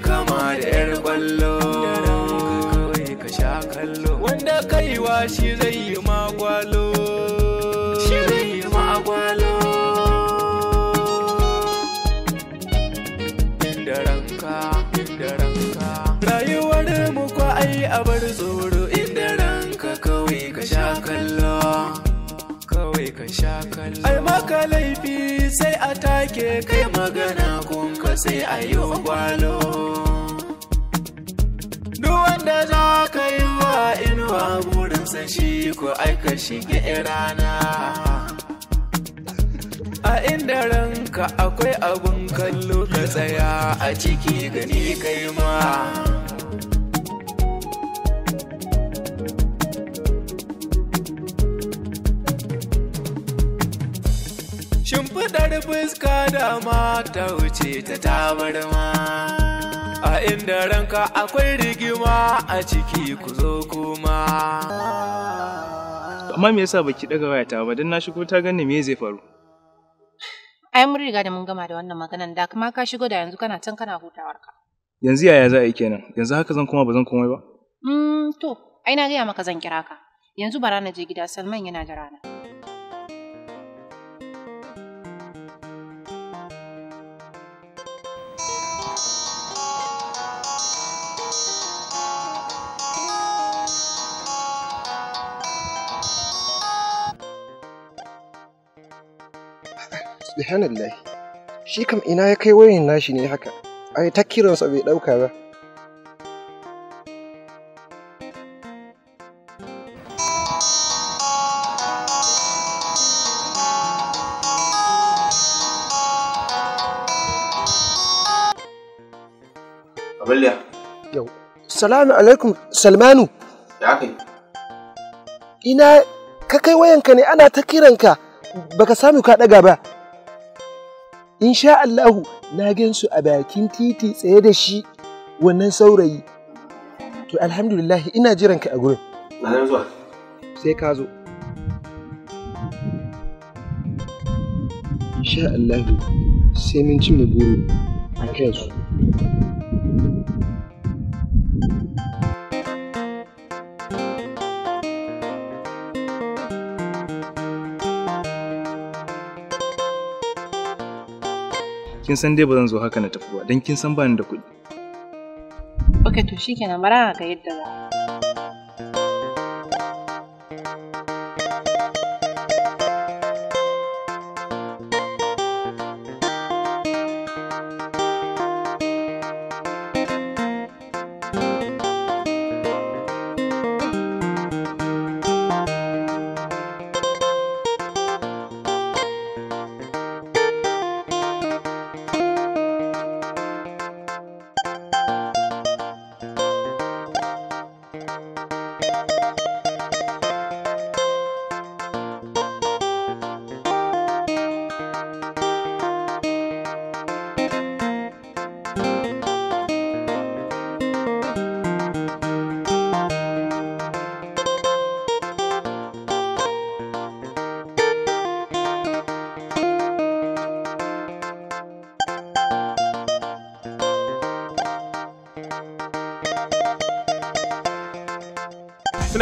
kama da 'yar kwallo ka sha kallo wanda kaiwa shi zai yi magwalo shi zai yi magwalo rayuwar mu a bar tsoro inda ranka kawai ka sha kallo kawai ka sha kallo ai maka laifi sai a take kai magana ko sai a yi gwalo duk wanda za ka yi wa inuwa burinsa shi ko aika shige rana a inda ranka akwai abun kallo ka tsaya a ciki gani kai ma dar fuska dama ta wuce ta tabarma a inda ranka akwai rigima a ciki ku zo kuma amma me yasa baki daga wayata ba dan na shigo ta ganni me zai faru ai mun riga da mun gama da wannan maganan da kuma ka shigo da yanzu kana can kana hutawar ka. yanzu yaya za a yi kenan yanzu haka zan koma ba zan komai ba mm to ai na gaya maka zan kira ka yanzu bara na je gida salman yana da rana subhanallah shi kam ina ya kai wayoyin nashi ne haka ai ta kiransa bai ɗauka ba Abulya. Yau. Salamu alaikum Salmanu. Ya kai. Ina ka kai wayanka ne ana ta kiranka baka samu ka ɗaga ba. insha Allahu na gansu a bakin titi tsaye da shi wannan saurayi to alhamdulillah ina jiran ka a gurin zuwa sai ka zo insha Allahu sai mun ci mu a a su. kin san dai ba zan zo haka na tafi ba don kin san ba ni da kuɗi. Ok to shikenan bara ga yadda za.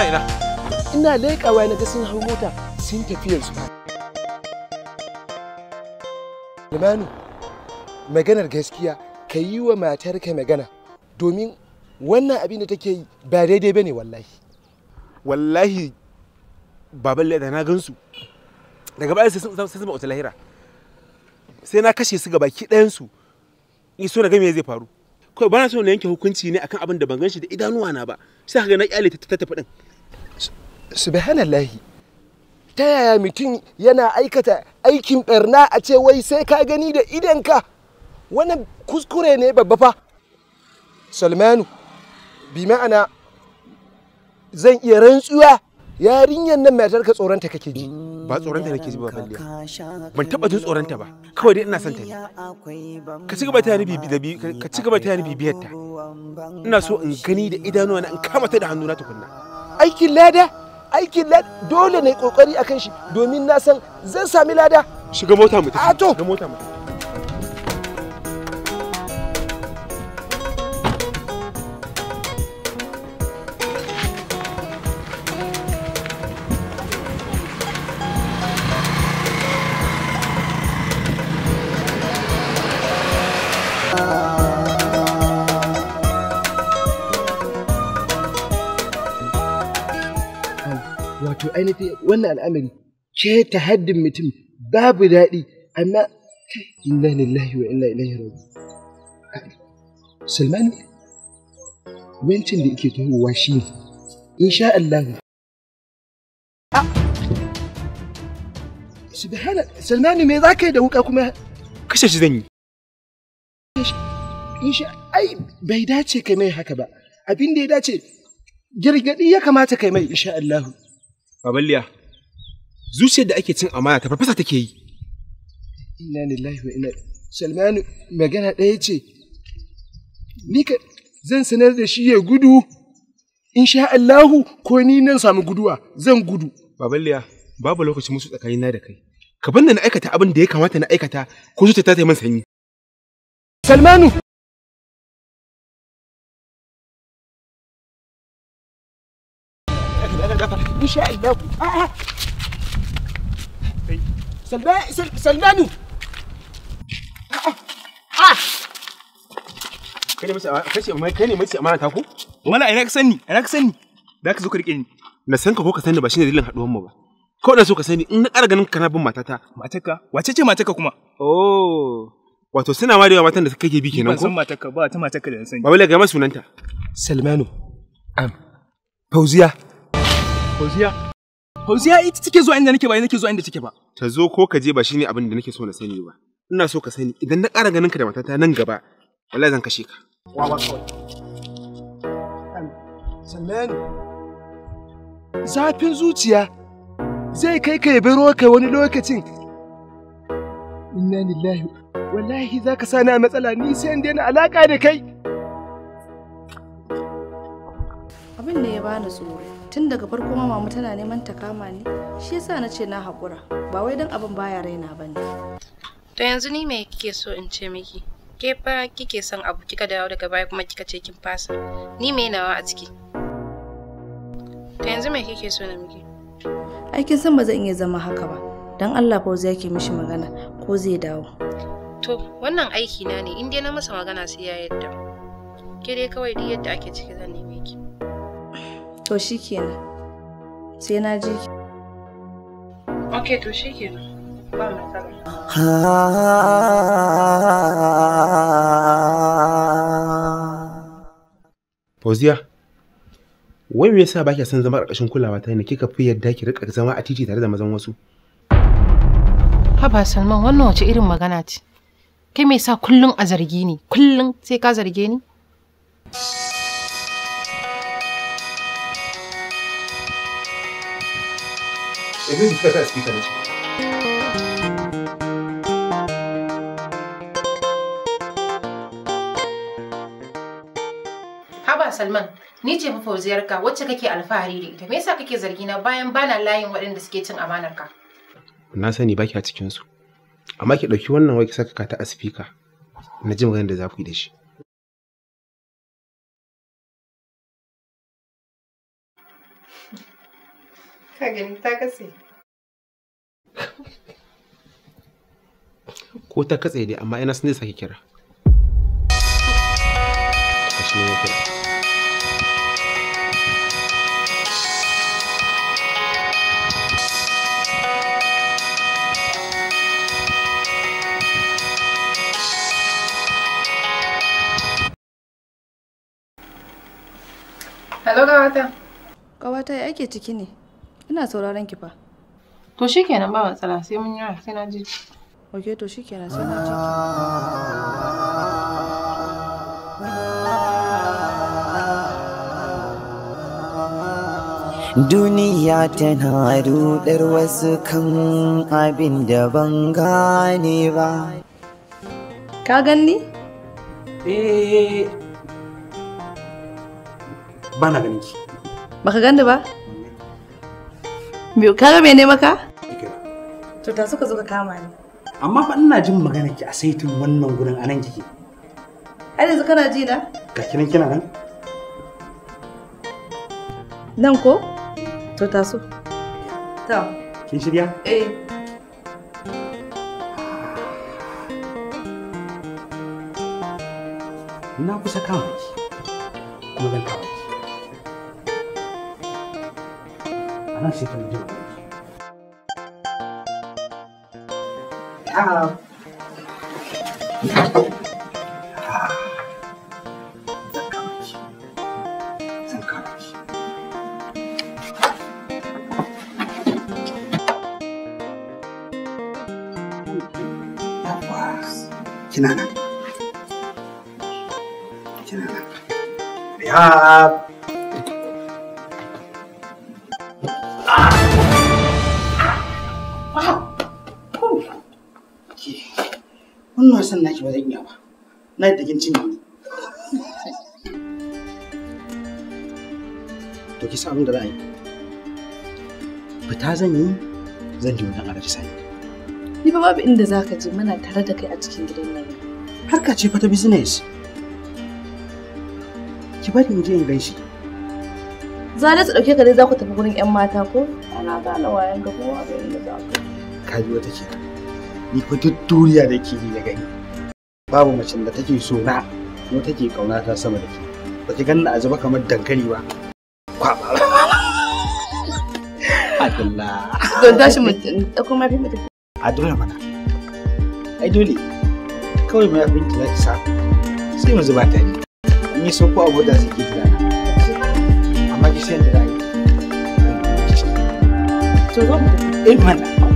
ina ina ina leƙawa na ga sun hau mota sun tafi yanzu Limanu maganar gaskiya ka yi wa matarka magana domin wannan abin da take yi ba daidai bane wallahi wallahi baban leda na gansu daga baya sai sun ba lahira sai na kashe su gaba ki ɗayansu in so na ga me zai faru kawai na so na yanke hukunci ne akan abin da ban ganshi da idanuwa na ba sai ga na kyale ta tafi din subhanallahi ta yaya mutum yana aikata aikin barna a ce wai sai ka gani da idanka wani kuskure ne babba fa salmanu bi ma'ana zan iya rantsuwa yarinyar nan matar ka tsoronta kake ji ba tsoronta nake ji ba balle ban taba jin tsoronta ba kawai dai ina son ta ne ka ci gaba ta ni bibi da bi ka ci gaba ta ni bibiyar ta ina so in gani da idanuwa na in kama ta da hannuna tukunna aikin lada aikin lada dole ne kokari akan shi domin na san zan sami lada shiga mota mu tafi shiga mota mu tafi ainihin wannan al'amari ce ta haddin mutum babu daɗi amma inna lillahi wa inna ilaihi raji Salmanu, wancin da yake tuhowa shi ne insha Allah ah! Subhana Salmanu me za ka yi da wuka kuma kashe shi zan yi insha ai bai dace kai mai haka ba abin da ya dace girgadi ya kamata kai mai insha Allah Baballiya, zuciyar da ake cin amana ta farfasa take yi. Ina lillahi wa ina Salmanu magana ɗaya ce, Ni ka zan sanar da shi ya gudu, in sha Allahu ko ni nan samu guduwa zan gudu. Baballiya, babu lokaci musu tsakanina da kai. Ka banda na aikata abin da ya kamata na aikata ko zuciyar ta yi min sanyi. Salmanu! insha Allah a'a ah, ah. salmanu ah, kai ne mace amana ta ku? Mala ina ka sani, ina ka sani. Da ka zo ka rike Na san ka ko ka sani ba shine dalilin haduwar ba. Kawai na so ka sani in na ƙara ganin kana bin matata. Matarka? Wace ce matarka kuma? Oh. Wato suna ma da yawa matan da kake bi kenan ko? Ban san matarka ba ta matarka da na sani. Ba wala ga ma sunanta. Salmanu. Am. Fauziya. Fauziya. Fauziya ita take zuwa inda nake ba nake zuwa inda take ba. Ta zo ko ka je ba shine abin da nake so na sani ba. Ina so ka sani idan na ƙara ganin ka da matata nan gaba wallahi zan kashe ka. ba kawai. Sannan zafin zuciya zai kai ka yabi ruwa kai wani lokacin. Inna lillahi wallahi za ka sani a matsala ni sai in daina alaƙa da kai. Abin da ya bani tsoro tun daga farko ma mamu tana neman ta kama ni shi yasa na ce na haƙura ba wai don abin baya raina ba ne to yanzu ni me kike so in ce miki ke fa kike son abu kika dawo daga baya kuma kika ce kin fasa ni me nawa a ciki to yanzu me kike so na miki ai kin san ba zan iya zama haka ba dan Allah fa zai yake mishi magana ko zai dawo to wannan aiki na ne in dai na masa magana sai ya yadda ke dai kawai duk yadda ake ciki zan nemi to shi kenan sai na ji ok to shi kenan ba Fauziya, wai me yasa ki son zama ƙarƙashin kulawa ta ne kika fi yadda ki rika zama a titi tare da mazan wasu? Haba Salman wannan wace irin magana ce? Kai me yasa kullum a zargi ne Kullum sai ka zarge ni? E quindi Haba Salman, ni ce fa fauziyarka wacce kake alfahari da ita. Me yasa kake na bayan bana layin waɗanda suke cin amanarka? Na sani baki a cikinsu. Amma ki ɗauki wannan wai ki saka ta a Na ji maganar da za ku yi da shi. Ka gani ta katse. Ko ta katse dai amma ina sun zai sake kira. kira. Hello, Kawata. Kawata ya ake ciki ne? Ina sauraron ki fa. To shikenan ba matsala sai mun yi sai na ji. Ok to shikenan sai na ji. Duniya tana rudar wasu kan abin da ban gane ba. Ka ganni? Eh, ba na ganin ki. Baka gani ba? Me kaga mene maka? To ta suka zo ka kama ni. Amma fa ina jin magana ki a saitin wannan gurin anan kike. Ai yanzu kana ji na? Ga kiran kina nan. Nan ko? To ta su. Ta. Kin shirya? Eh. Na kusa kama ki. Kuma zan kama ki. a nan sai ta mutu Kina ina son naki ba zan iya ba na da kin cinye to ki abin da za a fita zan yi zan ji wannan alaji sani ni ba babu inda zaka je muna tare da kai a cikin gidan nan harka ce fa ta business ki bari in je in ganshi zale su dauke ka dai za ku tafi gurin yan mata ko ana gane wayan ga a ga inda za ka ka ji wata kenan ni fa duk duniya da ke da gani babu macen da take so na kuma take kauna ta sama da ke ba ki ganna a zuba kamar dankali ba kwaba adalla don tashi mutum da kuma fi mutum a dole mana ai dole kawai mai abin ki zaki sa sai mu zuba tare ni so ko abu da suke gida amma ki sai da rai to zo mu eh mana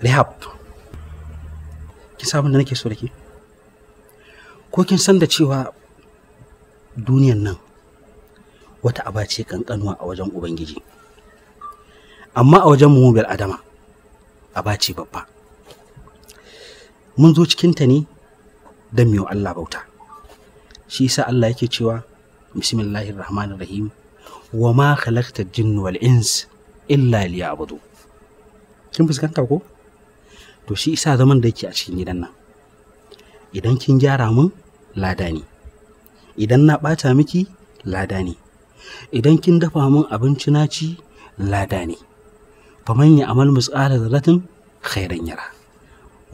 Rehab, ki samun da nake so da ke? Ko kin san da cewa duniyan nan wata aba ce kankanuwa a wajen Ubangiji, amma a wajen mu adama aba ce babba. Mun zo cikinta ne don miyo Allah bauta. Shi yasa Allah yake cewa, rahim wa ma khalaqta jinnu wal ins illa liya'budu. kin fuskanta ko to shi isa zaman da yake a cikin gidan nan idan kin gyara min lada ne idan na ɓata miki lada ne idan kin dafa min abinci na ci lada ne fa man ya amal misqala zarratin khairan yara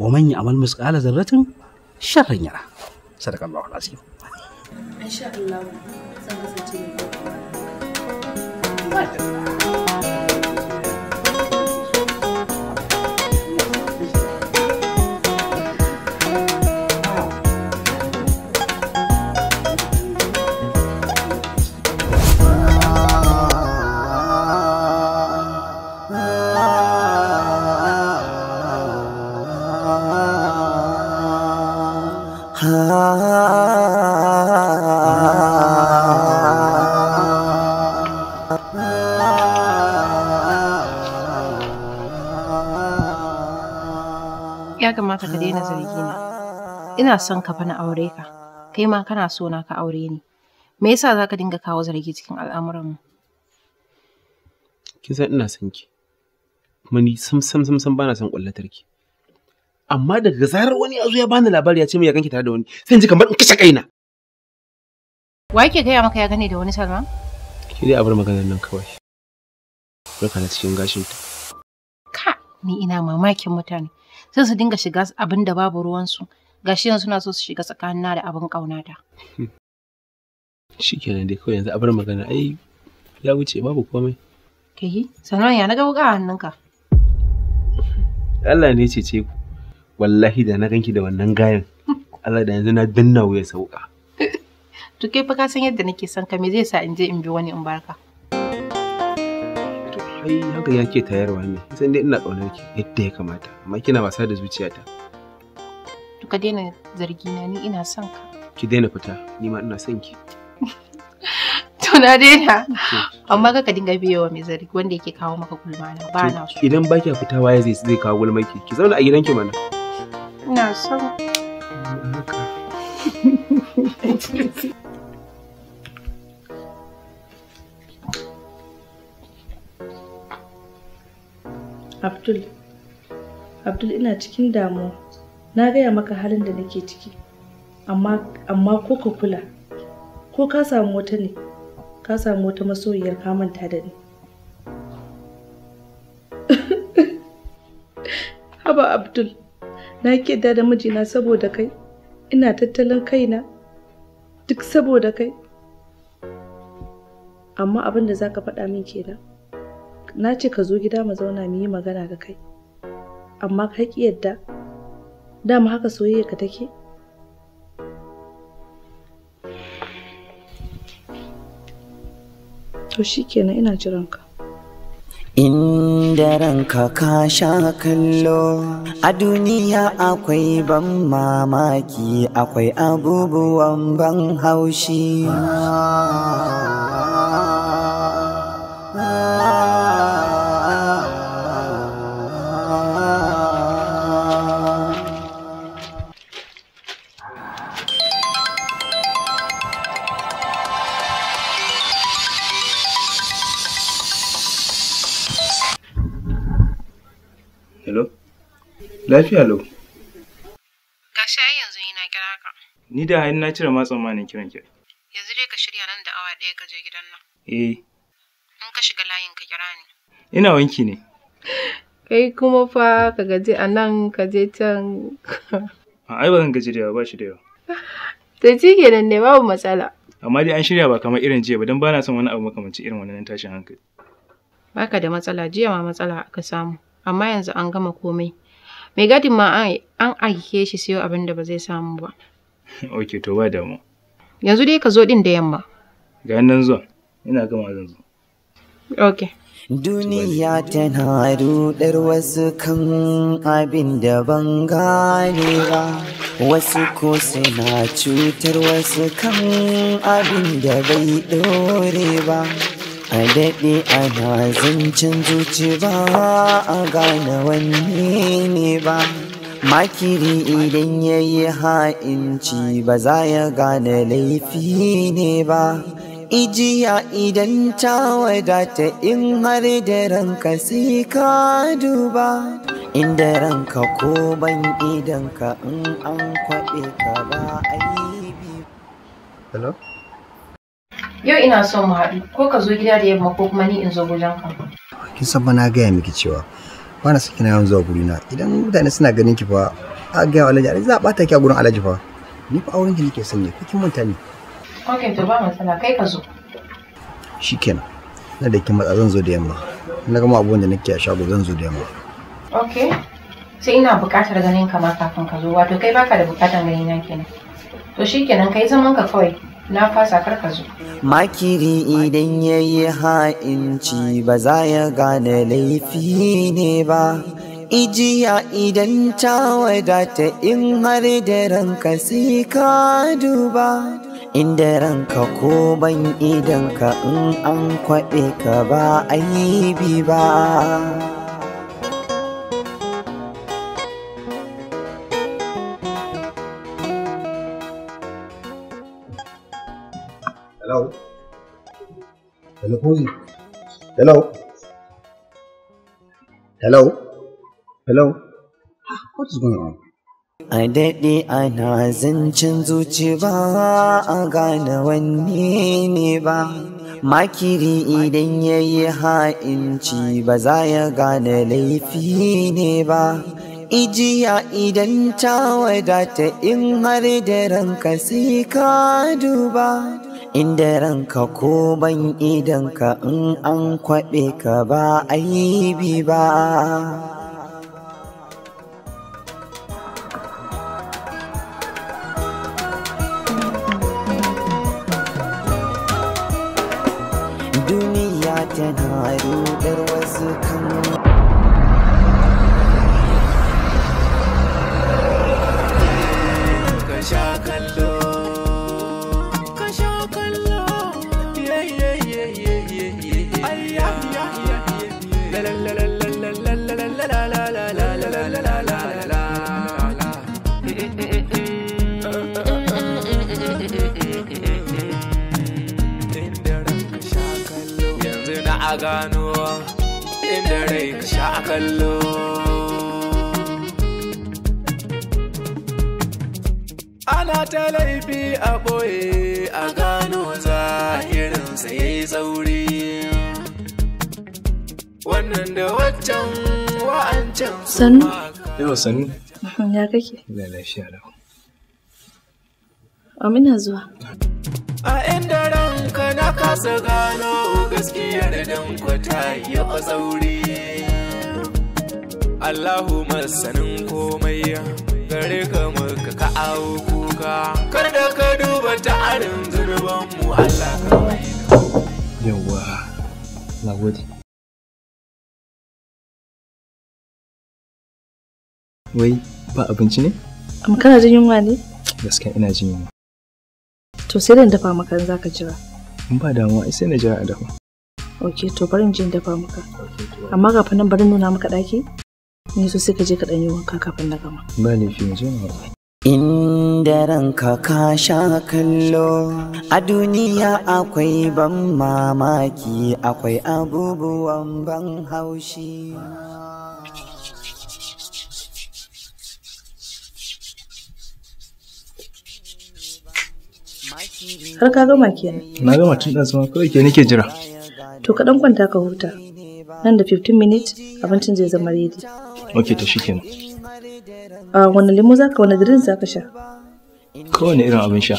wa man ya amal misqala zarratin sharran yara sadaqallahu alazim insha Allah zan ko mai kamata ka daina na Ina son ka fa na aure ka, kai ma kana so na ka aure ni. Me yasa za ka dinga kawo zargi cikin al'amuranmu? Kin san ina son ki, kuma ni sam sam sam sam bana son kullatar ki. Amma daga zarar wani ya zo ya bani labari ya ce min ya ganki tare da wani, sai in ji kamar in kashe kaina. Wa yake gaya maka ya gane da wani Salman? Ki dai a bar maganar nan kawai. Barka na cikin gashinta. Ka, ni ina mamakin mutane. sai su dinga shiga abin da babu ruwansu shi yanzu suna so su shiga tsakanina da abin ƙaunata. da. Shikenan dai kawai yanzu abar magana ai ya wuce babu komai ke yi sanar ya na ga wuka hannunka Allah ne ce ce ku wallahi da na ganki da wannan gayan Allah da yanzu na danna wuya sauka to kai fa ka san yadda nake son ka me zai sa in je in bi wani in barka ai haka ya tayarwa ne sai dai ina ƙaunar ki yadda ya kamata amma kina wasa da zuciyata to ka daina zargi na ni ina son ka ki daina fita ni ma ina son ki to na daina amma ka dinga wa mai zargi wanda yake kawo maka gulma na ba na so idan ba kya fita waye zai zai kawo gulma ki ki zauna a gidanki mana ina son haka Abdul, Abdul ina cikin damuwa. Na gaya maka halin da nake ciki, amma, amma ko ka kula, ko ka samu wata ne, ka samu wata masoyiyar ka manta da ni. Haba Abdul, na ke da mijina saboda kai, ina tattalin kaina, duk saboda kai. Amma abin da za ka faɗa min kenan. na ce ka zo gida mu zauna mu yi magana da kai amma ka ki yadda dama haka soyayya ka take to shikenan ina jiran ka Inda ranka ka sha kallo a duniya akwai ban mamaki akwai abubuwan ban haushi. Lafiya lau. shi ai yanzu ni kira ka. Ni da hain na cire ma ne kiran ki. Yanzu dai ka shirya nan da awa ɗaya ka je gidan nan. Eh. In ka shiga layin ka kira ni. Ina wanki ne. Kai kuma fa ka gaji a nan ka je can. Ai ba zan gaji da yawa ba shi da yawa. To ke kenan ne babu matsala. Amma dai an shirya ba kamar irin jiya ba don ba na son wani abu makamancin irin wannan tashin hankali. Baka da matsala jiya ma matsala aka samu amma yanzu an gama komai. Mai gadin ma an aike shi siyo abin da ba zai samu ba. ok, to ba damu. Yanzu dai ka zo ɗin da yamma. Ga nan zuwa, ina gama zan zo. Ok. Duniya tana rudar wasu kan abin da ban gane ba, wasu ko suna cutar wasu kan abin da bai ɗore ba. a daɗe ana zancen zuci ba a gane wanne ne ba makiri idan ya yi ha'inci ba za ya gane laifi ne ba ijiya idan ta wadata in har da ranka sai ka duba inda ranka ko ban idanka in an kwaɗe ka ba a yi biyu Yau ina son mu haɗu ko ka zo gida da yamma ko kuma ni in zo gujen ka. Kin san na gaya miki cewa ba na sakina yawan zuwa gurina idan mutane suna ganin ki fa a gaya wa alhaji za a ɓata ki a gurin alhaji fa ni fa auren ki nake son ne kin manta ne. Ok to ba matsala kai ka zo. Shikenan na da kin matsa zan zo da yamma na gama abubuwan da nake a shago zan zo da yamma. Ok sai ina buƙatar ganin ka ma kafin ka zo wato kai baka da buƙatar ganin nan kenan. To shikenan kai zaman ka kawai. na fasa karka zo makiri idan ya yi ha'inci ba za ya gane laifi ne ba ijiya idan ta wadata in har da ranka sai ka duba inda ranka ko ban idan ka in an kwaɓe ka ba aibi ba Hello, Hello. Hello. Hello. Ah, what is going on? A daɗe ana zancen zuci ba a gane wanne ne ba, makiri idan ya yi ha'inci ba za ya gane laifi ne ba. Ijiya idan ta wadata in har da ranka sai ka duba. inda ranka ko ban idanka in an kwaɓe ka ba a aibi ba duniya tana rudar wasu kan a gano inda rai ka sha a kallo ana ta laifi a ɓoye a gano zahirinsa ya yi tsauri wannan da waccan wa'ancan sannu yawa sannu mhm, ya kake da lafiya da amina zuwa a inda ranka na kasa gano gaskiyar danko ya fa tsauri Allahu masanin komai gare ka muka ka awo kuka kar da ka duba ta zurban mu Allah ka mai yawwa na gode wai ba abinci ne? amma kana jin yunwa ne? gaskiya ina jin yunwa To sai dan dafa maka za ka jira. In ba damuwa sai na jira a dafa. Ok to bari in je in dafa maka. Amma kafin nan bari nuna maka ɗaki. Ni so sai ka je ka ɗan yi wanka kafin na gama. Ba ne fi je mu Inda ranka ka sha kallo a duniya akwai ban mamaki akwai abubuwan ban haushi. Har ka gama kenan. Na gama tun ɗan sama kawai ke nake jira. To ka ɗan kwanta ka huta. Nan da 15 minutes abincin zai zama ready. Ok to shi kenan. A wani lemu za ka wani drink za ka sha? Kowane irin abin sha.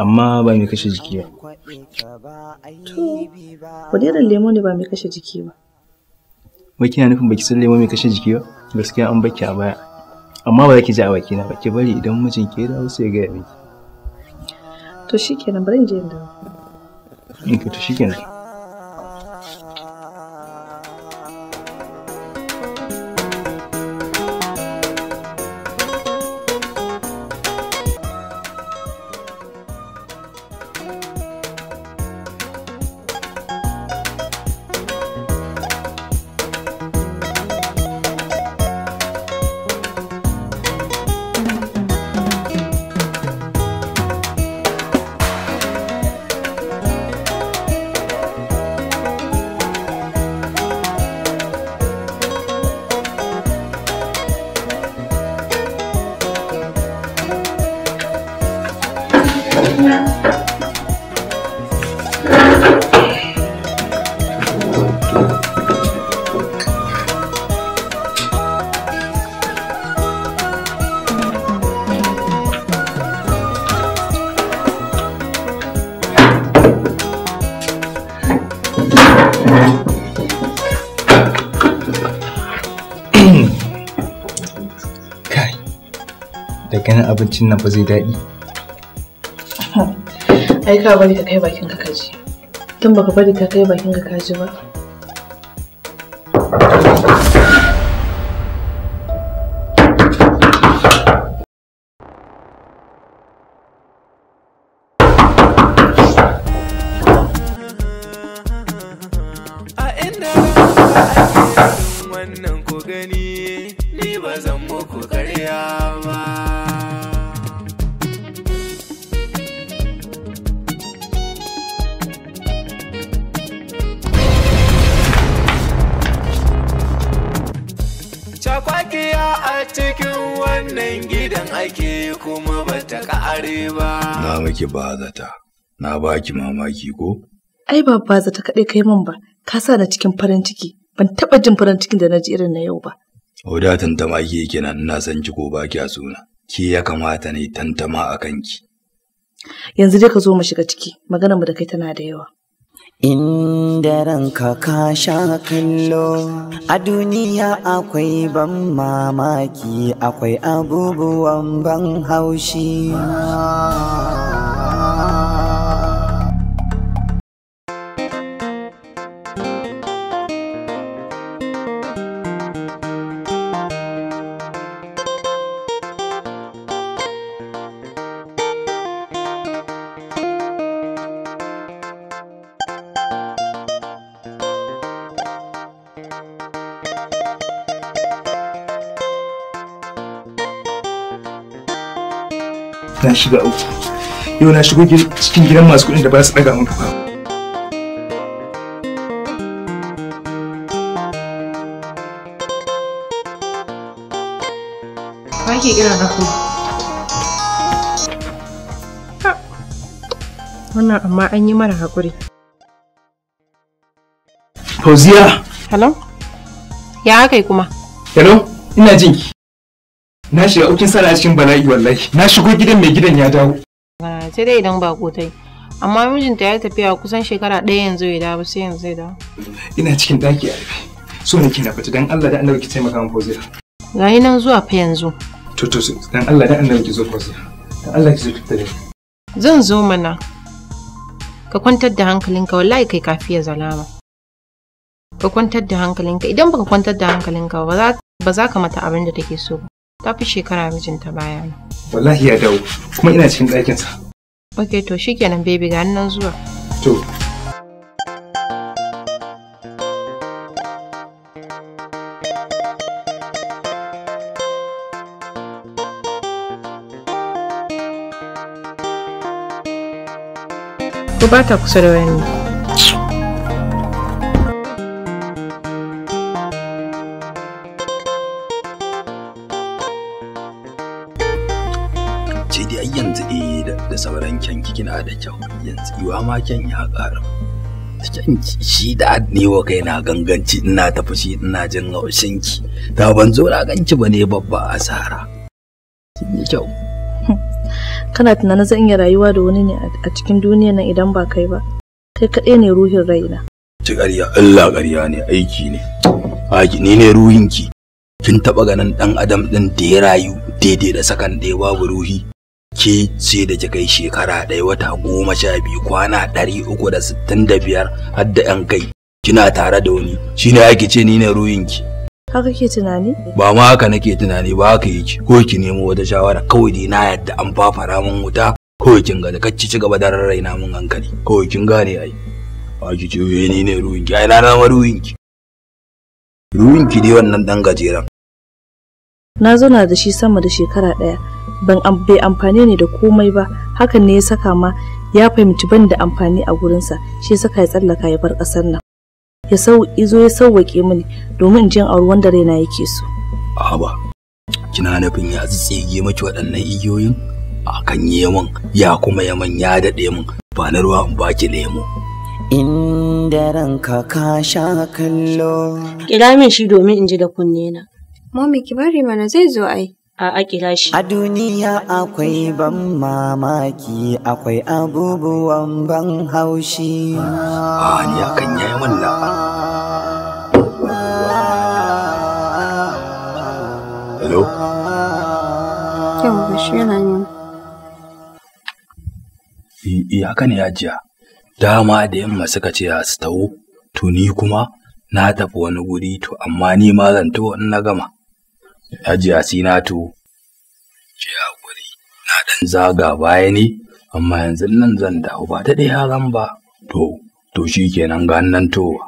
Amma ba mai kashe jiki ba. To, wani irin lemu ne ba mai kashe jiki ba. Wai kina nufin baki san lemu mai kashe jiki ba? Gaskiya an baki a baya. Amma ba za ki ji a baki na ba ki bari idan mijin ke dawo sai ya gaya miki. to shikenan bari in je in dawo ka to shikenan abincin nan fa zai daɗi. Ai ka bari ka kai bakin ka kaji. Tun baka bari ka kai bakin ka kaji ba. baki mamaki ko? Ai ba ba ta kaɗai kai min ba, ka sa na cikin farin ciki, ban taɓa jin farin cikin da na ji irin na yau ba. da tantama ke kenan ina san ki ko baki a suna, ke ya kamata ne tantama a kanki. Yanzu dai ka zo mu shiga ciki, maganar mu da kai tana da yawa. Inda ranka ka sha kallo a duniya akwai ban mamaki akwai abubuwan ban haushi. na shiga uku yau na shigo cikin gidan masu kuɗin da ba su ɗaga muku ba ake irin rako wannan amma an yi mara haƙuri fauziya hello ya aka kuma hello ina jinki na shiga ukin sana cikin bala'i wallahi na shigo gidan mai gidan ya dawo ah, sai dai idan ba kotai amma mijinta ya tafiya kusan shekara ɗaya yanzu ya dawo sai yanzu ya dawo ina cikin ɗaki a rufe so ne ke na fita dan Allah da annabi ki taimaka min Ga gayi nan zuwa fa yanzu to to dan Allah da annabi ki zo fozira dan Allah ki zo ki tare zan zo mana ka kwantar da hankalinka wallahi kai kafiya zalama ka kwantar da hankalinka idan baka kwantar da hankalinka ba za ka mata abin da take so ba ta fi shekara mijinta baya ne. Wallahi ya dawo, kuma ina cikin ɗakinsa. Ok, to shi shikenan baby ga nan zuwa. To. Ko ba ta kusa da wani. sai dai yanzu eh da sauran kyanki kina da kyau yanzu yiwa ma kyan ya ƙara shi da ne wa kai na ganganci ina ta fushi ina jin haushin ki da ban zo na ganki ba ne babba asara kin kyau kana tunanin zan iya rayuwa da wani ne a cikin duniya nan idan ba kai ba kai kaɗai ne ruhin raina ci ƙarya Allah ƙarya ne aiki ne aki ni ne ruhinki kin taɓa ganin ɗan adam ɗin da ya rayu daidai da sakan ya babu ruhi ke sai da kai shekara ɗaya wata goma sha biyu kwana ɗari uku da sittin da biyar har da ƴan kai kina tare da wani shine ake ce ni ne ruhinki haka ke tunani ba ma haka nake tunani ba haka yake ko ki nemo wata shawara kawai dai na yadda an fafara min wuta kawai kin gani kacci ci gaba da rarraina min hankali kawai kin gane ai ba ki ce eh, ni ne ruhinki ai na zama ruhinki ruhinki dai wannan dan gajeren na zauna da shi sama da shekara ɗaya ban bai amfane ne da komai ba hakan ne ya saka ma ya fahimci ban da amfani a gurinsa shi saka ya tsallaka ya bar ƙasar nan ya sau izo ya sauwaƙe mini domin in jin auri wanda raina yake so ba, kina nufin ya tsige miki waɗannan igiyoyin a kan yaman ya kuma yaman ya daɗe mun ba na ruwa in baki lemo inda ranka ka sha kallo kira min shi domin in ji da kunne na mami ki bari mana zai zo ai a akira shi. A duniya akwai ban mamaki akwai abubuwan ban haushi. A ni akan yayi wannan. Hello? Kyau shi yana yin. Iyaka haka ne ajiya. Dama da yamma suka ce su tawo, to ni kuma na tafi wani guri to amma ni ma zan to in na gama. Hajiya Asinatu ce a guri na ɗan zaga baya ne, amma yanzu nan zan dawo ba ta ɗaya haram ba. To, to shi kenan ga nan towa.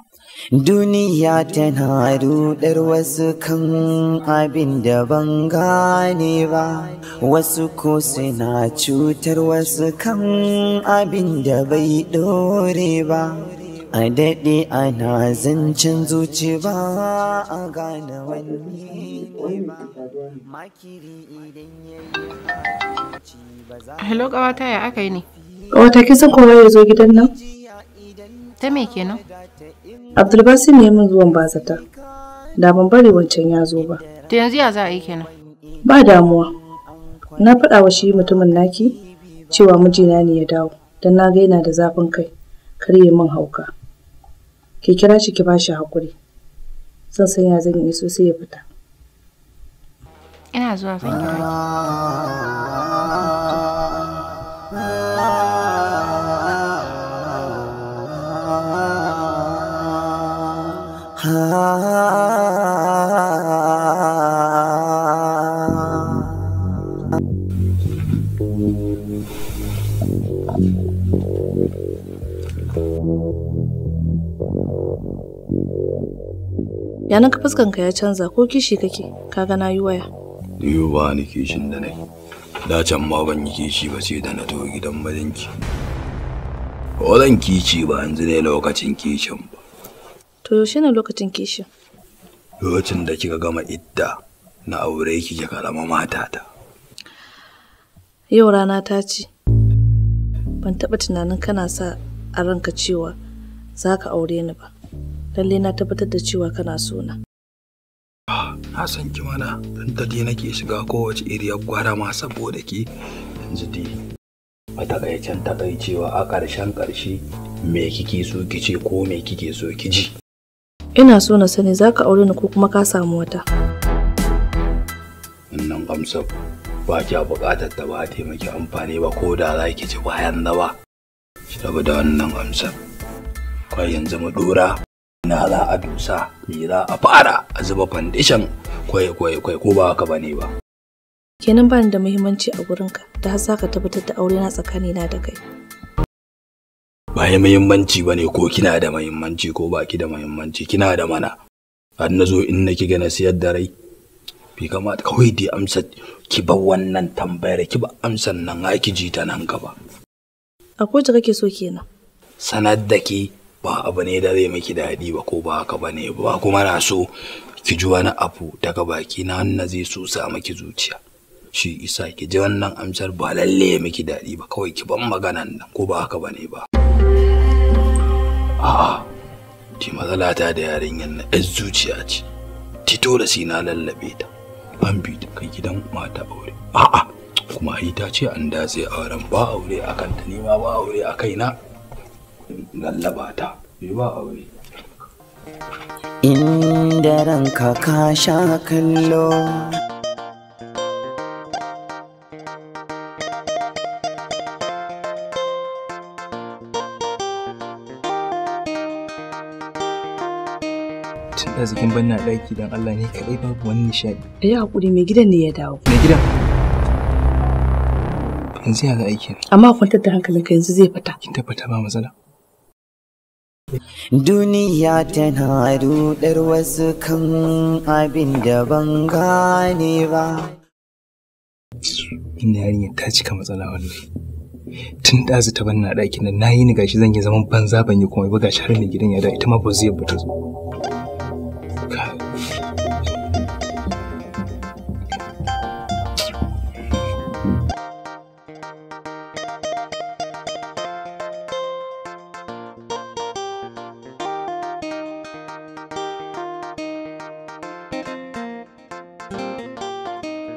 Duniya tana ruɗar wasu kan abin da ban gane ba, wasu ko suna cutar wasu kan abin da bai ɗore ba. a daɗe ana zancen zuci ba a gane wani makiri idan ya yi hello ƙawata ya aka yi ne wata kisan kowa ya zo gidan nan ta me kenan abdulbasi ne min zuwan bazata da ban bari wancan ya zo ba to yanzu ya za a yi kenan ba damuwa na faɗa wa shi mutumin naki cewa mijina ne ya dawo don na ga yana da zafin kai kar yi min hauka ki kira shi ki bashi hakuri zan san ya zan yi sosai ya fita ina zuwa zan kira ki ya na fuskanka ya canza ko kishi kake kaga na yi waya yau ba ni kishin da nai da can ma ban yi kishi ba sai da na to gidan majinki. ko zan ba yanzu ne lokacin kishin ba to yaushe ne lokacin kishin lokacin da kika gama idda na aure ki ki karama matata yau rana ta ce ban taɓa tunanin kana sa a ranka cewa za ka aure ni ba lalle na tabbatar da cewa kana so na. Na san ki mana dan da nake shiga kowace iriyar gwara ma saboda ki yanzu dai kai takaicewa a ƙarshen ƙarshe me kike so ki ce ko me kike so ki ji. Ina so na sani zaka ka aure ni ko kuma ka samu wata. Wannan amsar ba kya buƙatar ta ba taimaki amfani ba ko da za ki ci bayan na ba. Shi da wannan amsar. Kwa yanzu mu dora. na za a dusa me za a fara a zuba foundation kwai kwai kwai ko ba haka bane ba kenan bani da muhimmanci a gurinka da har za ka tabbatar da aure na tsakani na da kai ba ya muhimmanci bane ko kina da muhimmanci ko ba ki da muhimmanci kina da mana har na zo in na ki gana siyar da rai bai kamata kawai dai amsa ki ba wannan tambayar ki ba amsan nan ki ji ta nan gaba a ko kake so kenan sanar da ke ba abu ne da zai miki daɗi ba ko ba haka ba ba kuma na so ki ji wani abu daga baki na wannan zai so sa miki zuciya shi isa ki ji wannan amsar ba lalle ya miki daɗi ba kawai ki ban maganan nan ko ba haka ba ba a'a ki matsala ta da yarinyar na yan zuciya ce ti tora sai na lallabe ta ban bi ta kai gidan mata aure a'a kuma ita ce an sai auren ba aure akan ta ma ba aure a kaina lallaba ta bai ba aure inda ranka ka sha kallo da zikin banna ɗaki don Allah ne kaɗai babu wani nishaɗi. Da ya haƙuri mai gidan ne ya dawo. Mai gidan? Yanzu ya ga aikin. Amma kwantar da hankalinka yanzu zai fita. Kin tabbata ba matsala. Duniya tana rudar wasu kan abin da ban gane ba. Ina yarinya ta cika matsala wallahi. Tun dazu ta banna a ɗakin nan na yi ni gashi zan yi zaman banza ban yi kuma ba gashi har ne gidan ya da ita ma ba zai buta zo.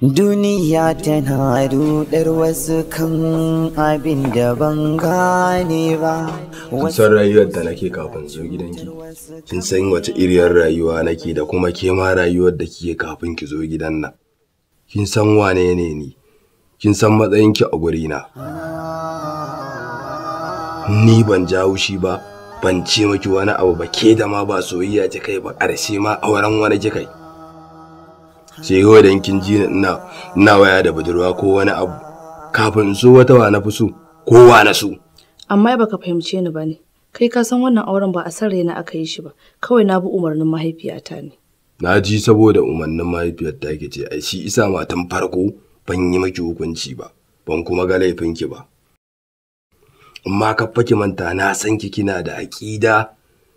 Duniya tana rudar wasu kan abin da ban gane ba. Kin san rayuwar da nake kafin zo gidanki? Kin san wace iriyar rayuwa nake da kuma ke ma rayuwar da kike kafin ki zo gidan nan? Kin san wane ne ni? Kin san matsayinki a gurina? Ni ban jawo shi ba, ban ce miki wani abu ba ke da ma ba soyayya ta kai ba ƙarshe ma auren wani kai. sai kawai da kin ji ina waya da budurwa ko wani abu kafin so wata wa na fi so wa na so amma baka fahimce ni ba ne, kai ka san wannan auren ba a san raina aka yi shi ba kawai na bi umarnin mahaifiyata ne na ji saboda umarnin mahaifiyata ke ce ai shi isa matan farko ban yi maki hukunci ba ban kuma ga laifinki ba amma ka faki manta na san ki kina da aƙida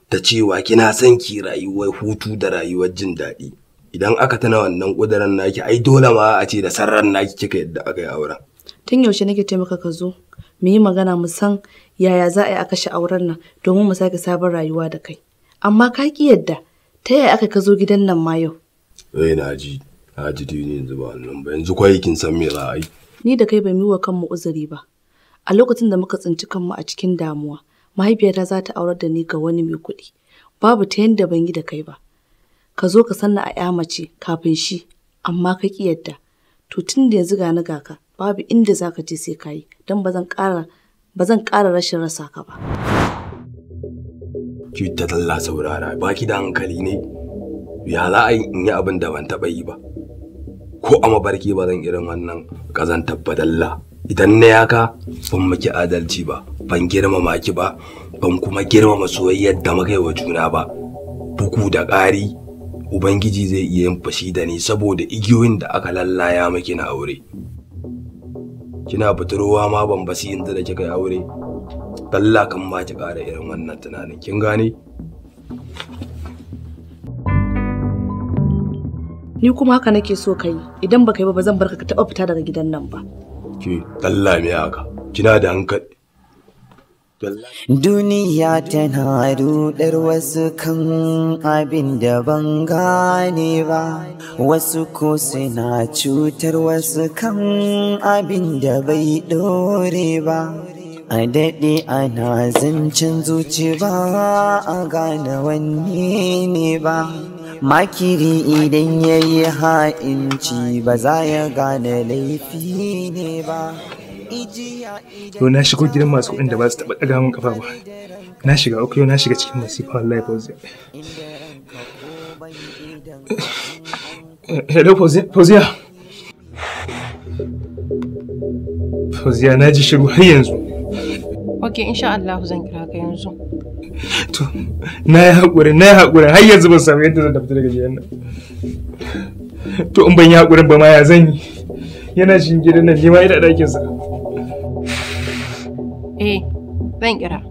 ta cewa kina san ki rayuwar hutu da rayuwar jin daɗi idan aka tana wannan ƙudurin naki ai dole ma a ce da sarran naki kika yadda aka yi auren. Tun yaushe nake taimaka ka zo mu yi magana mu san yaya za a yi a kashe auren nan domin mu sake sabon rayuwa da kai. Amma ka ki yadda ta yaya aka ka zo gidan nan ma yau. Eh na ji na ji dini yanzu ba wannan ba yanzu kwai kin san me za a yi. Ni da kai bai wa kanmu uzuri ba. A lokacin da muka tsinci kanmu a cikin damuwa mahaifiyata za ta aurar da ni ga wani mai kuɗi. Babu ta yanda ban yi da kai ba. ka zo ka sanna a ya mace kafin shi amma ka ki to tun da yanzu ga ni ga babu inda zaka je sai ka yi don ba zan ƙara rashin rasa ka ba. Ki ta talla saurara ba ki da hankali ne ya za a yi in yi abin da ban taɓa yi ba ko a mabarki ba zan irin wannan ƙazantar badalla idan na yaka ban miki adalci ba ban girmama ki ba ban kuma girmama soyayyar da muka yi wa juna ba buku da ƙari Ubangiji zai iya yin fashi da ni saboda igiyoyin da aka lallaya miki na aure. Kina budurwa ma ban basi inda da kika aure. Allah kan ma ki ƙara irin wannan tunanin kin gane? Ni kuma haka nake so ka idan baka yi ba zan barka ka taɓa fita daga gidan nan ba. Ki Allah me haka? Kina da hankali Duniya tana rudar wasu kan abin da ban gane ba, wasu ko suna cutar wasu kan abin da bai dore ba. A daɗe ana zancen zuci ba a gane wanne ne ba. Makiri idan ya yi ha'inci ba za ya gane laifi ne ba. yau na shigo gidan masu kuɗin da ba su taɓa ɗaga min kafa ba na shiga uku yau na shiga cikin masifa wallahi fauziya hello fauziya fauziya na ji shiru har yanzu ok insha Allah zan kira ka yanzu to na yi haƙuri na yi haƙuri har yanzu ban samu yadda zan tafi daga gidan nan to in ban yi haƙurin ba ma ya zan yi yana cikin gidan nan ne ma ina ɗakinsa Eh, zan kira.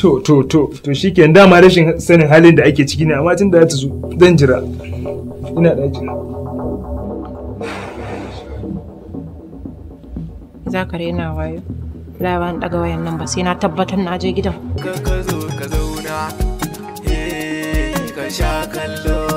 To, to, to, to shi ke dama rashin sanin halin da ake ciki ne, amma tun da ta zo zan jira. Ina jira. Za ka na wayo. Lawa an ɗaga wayan nan ba sai na tabbatar na je gidan. Ka ka zo ka zauna, eh, ka sha kallo.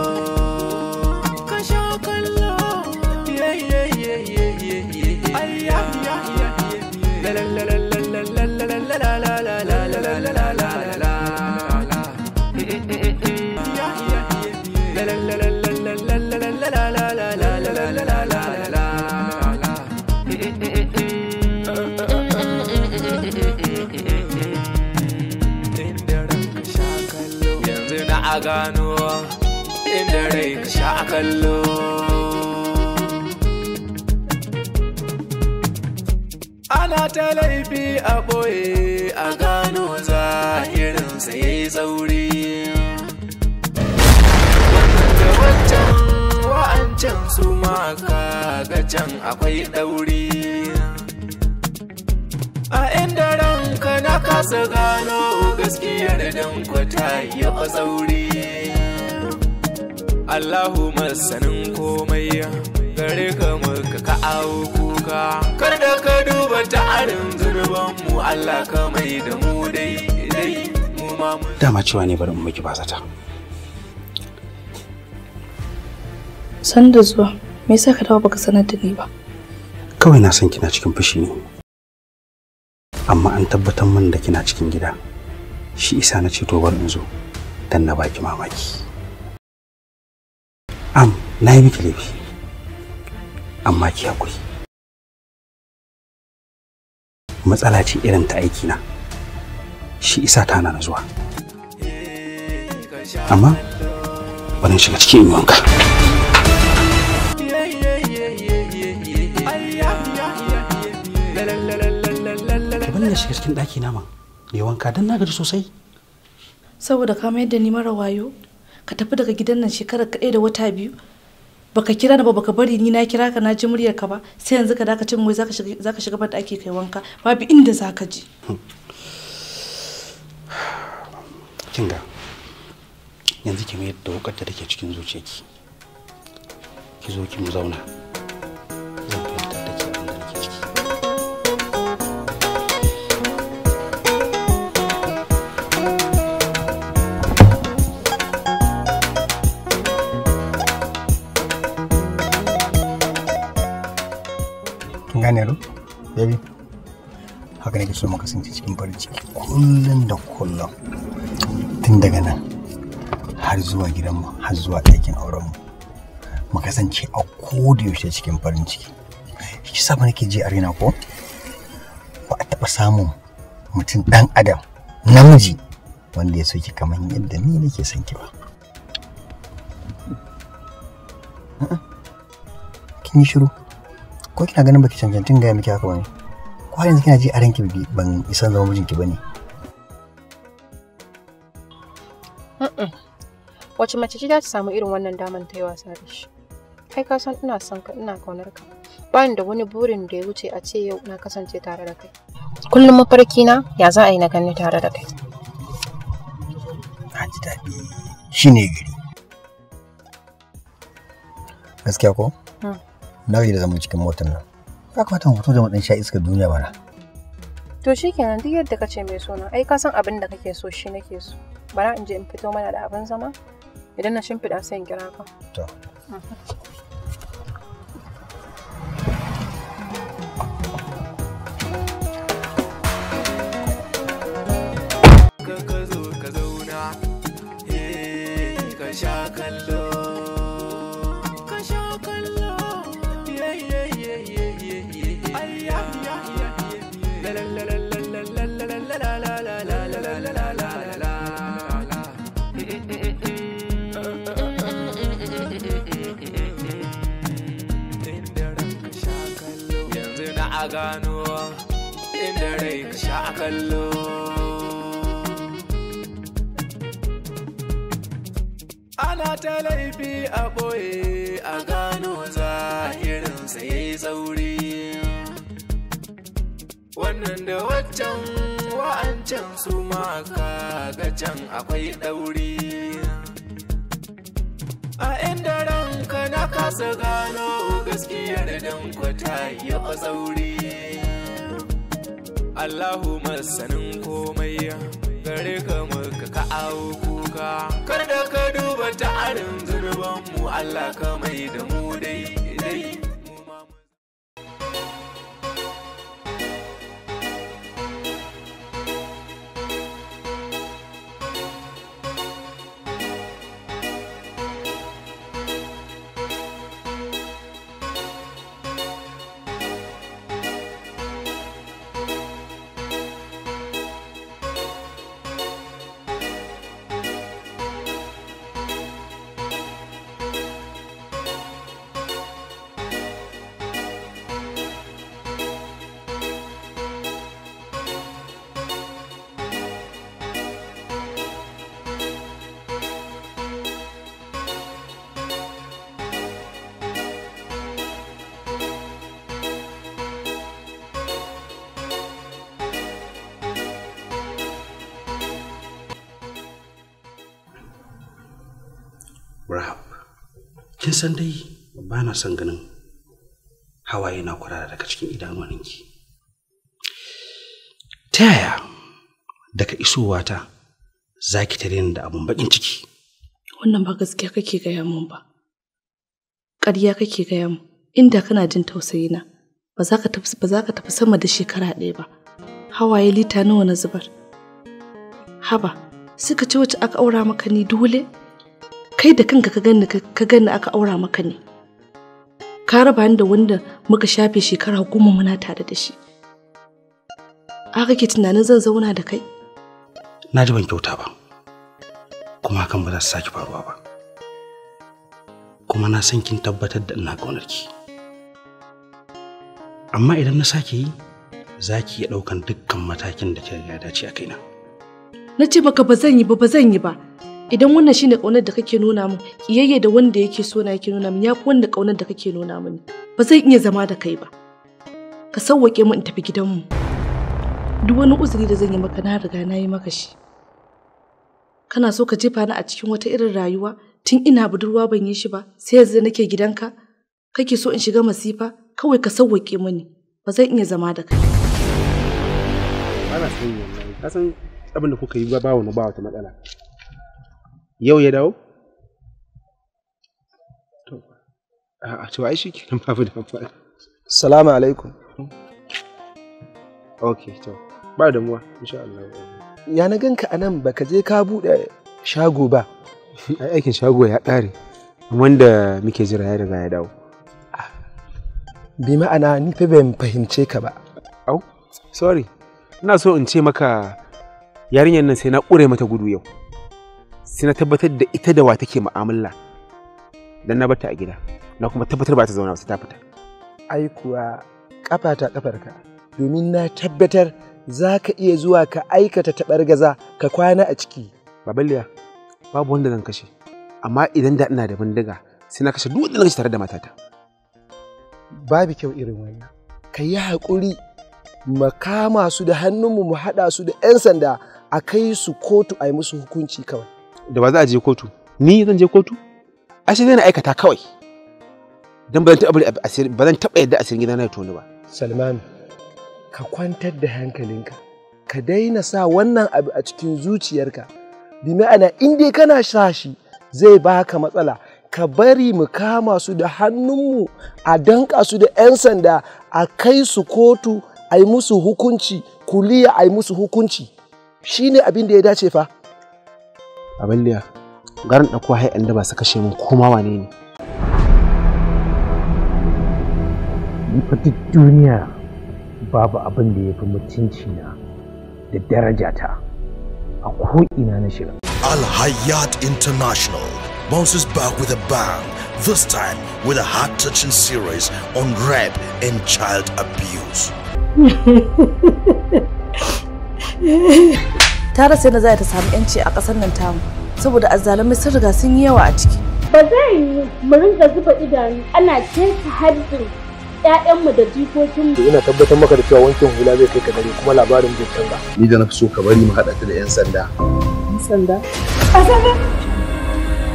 kallo ana ta laifi a ɓoye a gano zahirinsa ya yi tsauri wannan wancan wa'ancan su ma ga can akwai ɗauri a inda ranka na kasa gano gaskiyar dankwata ya fa tsauri Allahu masanin komai gare ka muka ka awo kuka kada ka duba arin zurban mu Allah ka mai da mu dai dai mu ma dama cewa ne bari mu miki bazata san da zuwa me yasa ka dawo baka sanar da ni ba kawai na san kina cikin fushi ne amma an tabbatar min da kina cikin gida shi isa na ce to bar in zo dan na baki mamaki am na yi miki laifi amma ki hakuri matsala ce irin ta aiki na shi isa ta na zuwa amma bari shiga cikin yin wanka shiga cikin ɗaki na ma wanka don na gaji sosai saboda ka mayar yadda ni mara wayo ka tafi daga gidan nan shekarar kaɗai da wata biyu baka kira na ba baka bari ni na kira ka na ji muryar ka ba sai yanzu ka daka cin wai zaka shiga zaka shiga banda ake kai wanka babu inda zaka je kinga yanzu ki mai da wukar da take cikin zuciyarki ki zo ki mu zauna so mu kasance cikin farin ciki kullum da kullum tun daga nan har zuwa gidanmu har zuwa ɗakin aurenmu mu kasance a yaushe cikin farin ciki shi sa nake je a rena ko ba a taɓa samun mutum ɗan adam namiji wanda ya so kamar yadda ni nake son ki ba kin yi shiru ko kina ganin baki cancantin gaya miki haka wani ko yanzu kina ji a ranki ban isan zama mijinki bane wace mace ce za ta samu irin wannan daman ta yi wasa da shi kai ka san ina son ka ina kaunar ka bayan da wani burin da ya wuce a ce yau na kasance tare da kai kullum mafarki na ya za a yi na gani tare da kai na ji daɗi shine gari gaskiya ko mm. na da zamu cikin motar nan ba ka fatan hoto da madan sha iska duniya bana to shikenan duk yadda kace mai suna ai ka san abin da kake so shi nake so bara in je in fito mana da abin zama idan na shimfiɗa sai in kira ka to ka eh, kallo ana ta laifi a ɓoye a gano zahirinsa ya yi tsauri wannan da waccan wa'ancan su ma ga can akwai ɗauri a inda ranka na kasa gano gaskiyar dankwata ya tsauri Allahu masanin komai gare ka muka ka awo kuka kada ka duba ta arin zurbanmu Allah ka mai da mu dai dai kin san dai ba na son ganin hawaye na kurara daga cikin idanuwaninki ta yaya daga isowa ta za ki tare da abun bakin ciki wannan ba gaskiya kake gaya mun ba ƙarya kake gaya mun inda kana jin tausayi ba za ka tafi ba za ka tafi sama da shekara ɗaya ba hawaye lita nawa na zubar haba suka ce wacce aka aura maka ni dole kai da kanka ka gani ka gani aka aura maka ne ka raba ni da wanda muka shafe shekara goma muna tare da shi a kake tunanin zan zauna da kai na ji ban kyauta ba kuma hakan ba za su sake faruwa ba kuma na san kin tabbatar da ina ƙaunar ki amma idan na sake yi za ki iya ɗaukan dukkan matakin da ya dace a kaina na ce baka ba zan yi ba ba zan yi ba idan wannan shine kaunar da kake nuna min kiyayye da wanda yake so na yake nuna min fi wanda kaunar da kake nuna min ba zai iya zama da kai ba ka sauwake mu in tafi gidanmu duk wani uzuri da zan yi maka na riga na yi maka shi kana so ka jefa ni a cikin wata irin rayuwa tun ina budurwa ban yi shi ba sai yanzu nake gidanka kake so in shiga masifa kawai ka sauwake mini ba zan iya zama da kai ba ana san wannan kasan abin da kuka yi ba ba wani ba wata matsala yau ya dawo a to ai shi kenan babu da amfani salamu alaikum ok to ba damuwa insha Allah ya na ganka a nan baka je ka buɗe shago ba ai aikin shago ya ƙare wanda muke jira ya riga ya dawo bi ma'ana ni fa ban fahimce ka ba au sorry ina so in ce maka yarinyar nan sai na ƙure mata gudu yau sai na tabbatar da ita da wa take mu'amala dan na bata a gida na kuma tabbatar ba ta zauna ba sai ta fita ai kuwa kafa ta kafarka domin na tabbatar za ka iya zuwa ka aikata gaza ka kwana a ciki baballiya babu wanda zan kashe amma idan da ina da bindiga sai na kashe duk wanda zan tare da matata babu kyau irin wannan ka yi haƙuri makama su da hannunmu mu haɗa su da 'yan sanda a kai su kotu a yi musu hukunci kawai da ba za a je kotu ni zan je kotu ashe zai na aikata kawai dan ba zan taɓa ba zan taɓa yadda asirin gidana ya toni ba salman ka kwantar da hankalinka ka daina sa wannan abu a cikin zuciyarka bi ma'ana in dai kana sa shi zai baka matsala ka bari mu kama su da hannunmu a danka su da 'yan sanda a kai su kotu a yi musu hukunci kuliya a musu hukunci shine abin da ya dace fa aballiya garin ɗauko hai'an da ba su kashe min koma wane ne fa duk duniya babu abin da ya fi mutunci na da ta a ko'ina na shiga al hayat international bounces back with a bang this time with a heart-touching series on rape and child abuse ta rasa na zai ta samu yanci a ƙasar nan tamu saboda azzalumai sun riga sun yi yawa a ciki ba zai yi mu rinka zuba idanu ana keta harbin ƴaƴanmu da jikokin mu ina tabbatar maka da cewa wankin hula zai kai ka dare kuma labarin bai canza ni da na fi so ka bari mu haɗa ta da ƴan sanda ƴan sanda a sanda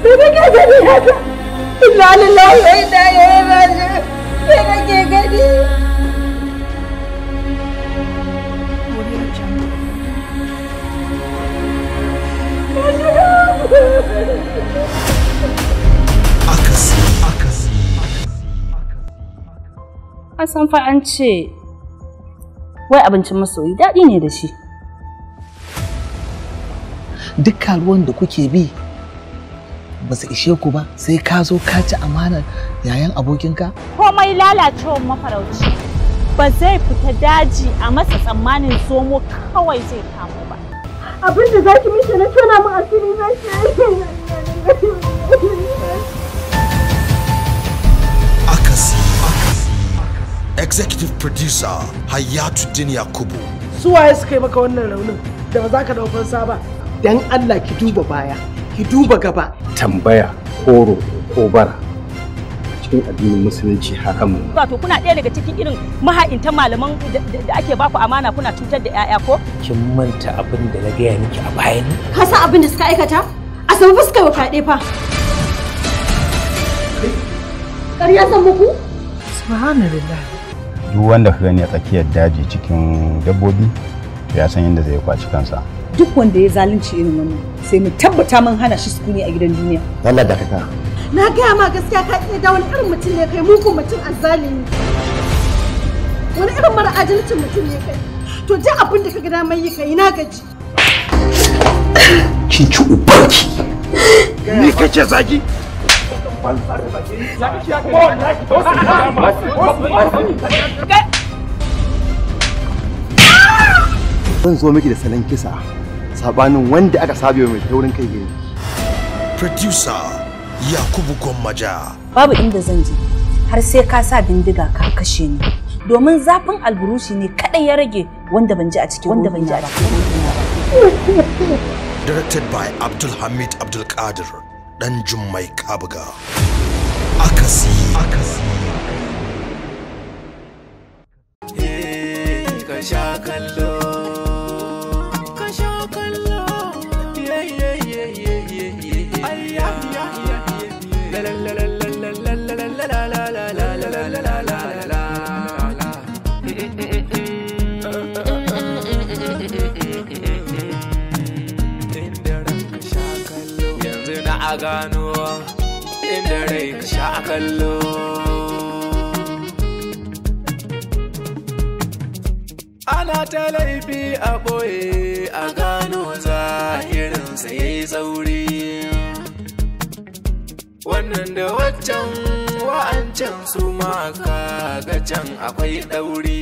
me gani haka inna lillahi wa inna ilaihi raji'un me kake gani An san fa an ce wai abincin masoyi daɗi ne da shi. Duk ruwan da kuke bi ba su ishe ku ba sai ka zo ka ci amanar yayan abokinka? Komai lalacewar mafarauci ba zai fita daji a masa tsammanin zomo kawai zai kama. abin da zaki mishi na tona mu asiri na shi akasi executive producer Hayatu hayatuddin yakubu su waye suka yi maka wannan raunin da ba za ka dau fansa ba dan allah ki duba baya ki duba gaba tambaya koro ko bara cikin addinin musulunci hakan mu wato kuna ɗaya daga cikin irin maha'intan malaman da ake baku amana kuna cutar da ƴaƴa ko kin manta abin da na gaya miki a baya ne ka san abin da suka aikata a sabu ba ka ɗe fa ƙarya san muku subhanallah duk wanda ka gani a tsakiyar daji cikin dabbobi ya san yadda zai kwaci kansa duk wanda ya zalunci irin wannan sai mu tabbata mun hana shi sukuni a gidan duniya Allah dakata Na gaya ma gaskiya ka iya da wani irin mutum ne kai muku mutum azzalimi. Wani irin mara adalcin mutum ne kai. To duk abin da ka gada mai yi kai na gaji. Kin ci ubanki. Ni kace zagi. Zan zo miki da salon kisa sabanin wanda aka sabe mai taurin kai gari. Producer Yakubu Gwammaja. Babu inda zan je har sai ka sa bindiga ka kashe ni. Domin zafin alburushi ne kadai ya rage wanda ban ji a cikin wanda ban ji a cikin. Directed by Abdul Hamid Abdul Qadir dan Jummai Kabuga. Akasi. Akasi. Eh, ka sha kallo. gano inda rai ka sha a kallo ana ta laifi a ɓoye a gano zahirinsa ya yi tsauri wannan da waccan wa'ancan su ma ga can akwai ɗauri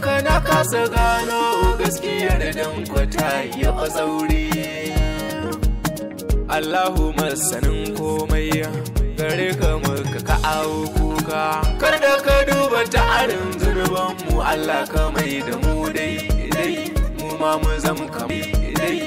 ka na kasa gano gaskiyar dan kwata ya sauri? Allahu masanin komai gare ka muka ka awo kuka kar da ka duba ta'arin zunuban mu Allah ka mai da mu dai dai mu ma mu zama kamar